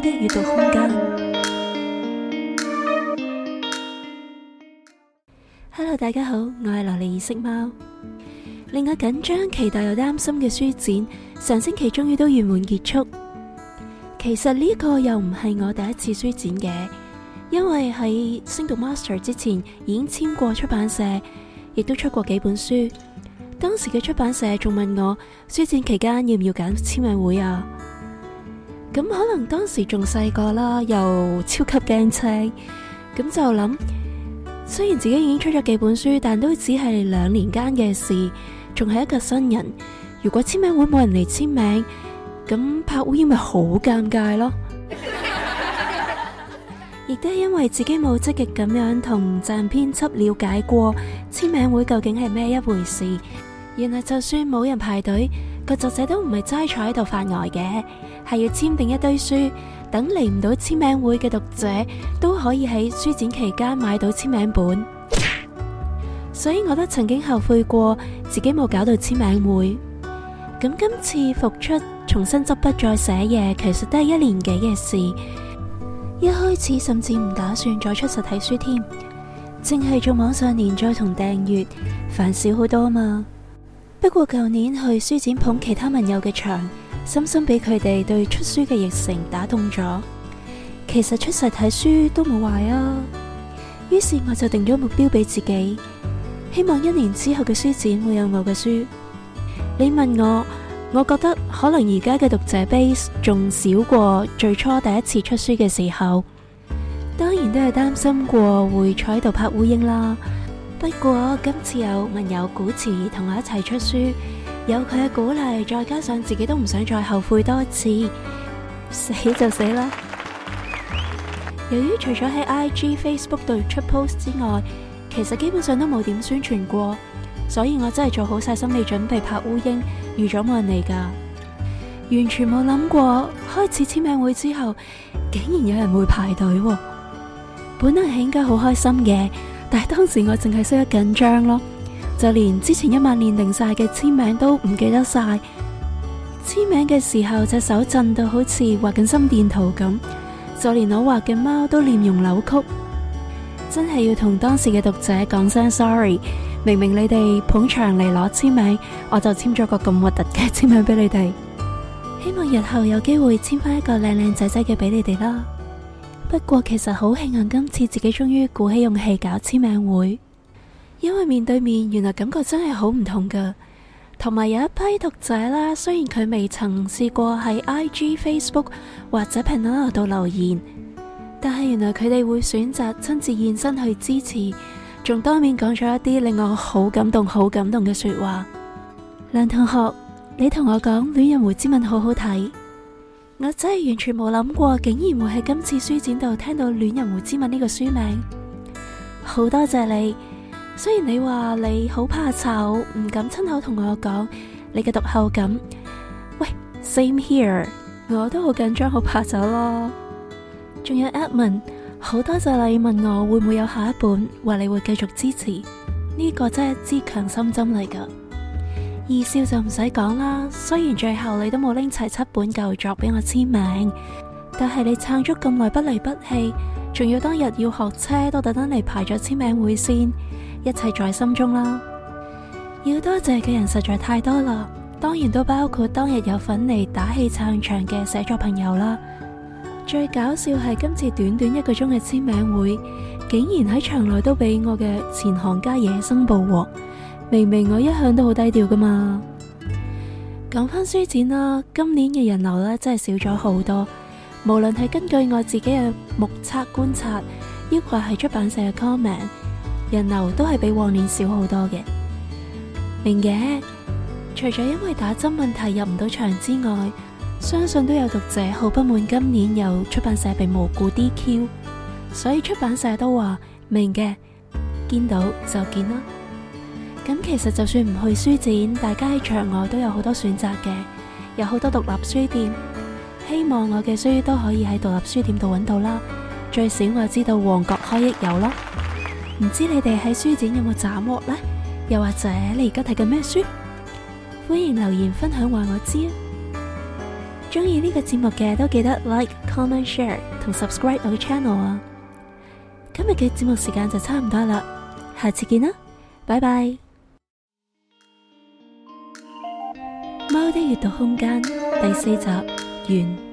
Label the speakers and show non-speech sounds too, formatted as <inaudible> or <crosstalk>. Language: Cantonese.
Speaker 1: 的閱讀空間。Hello，大家好，我係琉璃異色貓。令我緊張、期待又擔心嘅書展，上星期終於都圓滿結束。其實呢個又唔係我第一次書展嘅，因為喺升讀 Master 之前，已經簽過出版社，亦都出過幾本書。當時嘅出版社仲問我，書展期間要唔要搞簽名會啊？咁可能當時仲細個啦，又超級驚青，咁就諗，雖然自己已經出咗幾本書，但都只係兩年間嘅事，仲係一個新人。如果簽名會冇人嚟簽名，咁拍烏蠅咪好尷尬咯。亦 <laughs> 都係因為自己冇積極咁樣同站編輯了解過簽名會究竟係咩一回事，原來就算冇人排隊，個作者都唔係齋坐喺度發呆嘅，係要簽定一堆書，等嚟唔到簽名會嘅讀者都可以喺書展期間買到簽名本。所以我都曾經後悔過自己冇搞到簽名會。咁今次復出，重新執筆再寫嘢，其實都係一年幾嘅事。一開始甚至唔打算再出實體書添，淨係做網上連載同訂閱，煩少好多嘛。不過舊年去書展捧其他文友嘅場，深深俾佢哋對出書嘅熱誠打動咗。其實出實體書都冇壞啊。於是我就定咗目標俾自己，希望一年之後嘅書展會有我嘅書。你問我，我覺得可能而家嘅讀者 base 仲少過最初第一次出書嘅時候。當然都係擔心過會坐喺度拍烏蠅啦。不過今次有文友古詞同我一齊出書，有佢嘅鼓勵，再加上自己都唔想再後悔多次，死就死啦。 <laughs> 由於除咗喺 IG、Facebook 度出 post 之外，其實基本上都冇點宣傳過，所以我真係做好晒心理準備拍烏蠅，預咗冇人嚟㗎，完全冇諗過開始簽名會之後，竟然有人會排隊喎。本來係應該好開心嘅。但係當時我淨係識得緊張咯，就連之前一晚練定晒嘅簽名都唔記得晒。簽名嘅時候隻手震到好似畫緊心電圖咁，就連我畫嘅貓都臉容扭曲。真係要同當時嘅讀者講聲 sorry，明明你哋捧場嚟攞簽名，我就簽咗個咁核突嘅簽名俾你哋。希望日後有機會簽翻一個靚靚仔仔嘅俾你哋咯。不過其實好慶幸今次自己終於鼓起勇氣搞簽名會，因為面對面原來感覺真係好唔同噶。同埋有一批讀者啦，雖然佢未曾試過喺 IG、Facebook 或者評論欄度留言，但係原來佢哋會選擇親自現身去支持，仲當面講咗一啲令我好感動、好感動嘅說話。梁同學，你同我講《戀人回之蝶》好好睇。我真係完全冇諗過，竟然會喺今次書展度聽到《戀人胡之吻》呢個書名，好多謝你。雖然你話你好怕醜，唔敢親口同我講你嘅讀後感。喂，same here，我都好緊張，好怕醜咯。仲有 Edmund，好多謝你問我會唔會有下一本，話你會繼續支持，呢個真係支強心針嚟噶。二少就唔使講啦，雖然最後你都冇拎齊七本舊作俾我簽名，但係你撐足咁耐不離不棄，仲要當日要學車都特登嚟排咗簽名會先，一切在心中啦。要多謝嘅人實在太多啦，當然都包括當日有份嚟打氣撐場嘅寫作朋友啦。最搞笑係今次短短一個鐘嘅簽名會，竟然喺場內都俾我嘅前行家野生捕獲。明明我一向都好低調噶嘛。講返書展啦，今年嘅人流咧，真係少咗好多。無論係根據我自己嘅目測觀察，抑或係出版社嘅 comment，人流都係比往年少好多嘅。明嘅，除咗因為打針問題入唔到場之外，相信都有讀者好不滿今年有出版社被無故 DQ，所以出版社都話明嘅，見到就見啦。咁其實就算唔去書展，大家喺場外都有好多選擇嘅，有好多獨立書店。希望我嘅書都可以喺獨立書店度揾到啦。最少我知道旺角開益有咯。唔知你哋喺書展有冇斬獲呢？又或者你而家睇緊咩書？歡迎留言分享話我知。中意呢個節目嘅都記得 like、comment、share 同 subscribe 我嘅 channel 啊！今日嘅節目時間就差唔多啦，下次見啦，拜拜。貓的閱讀空間第四集完。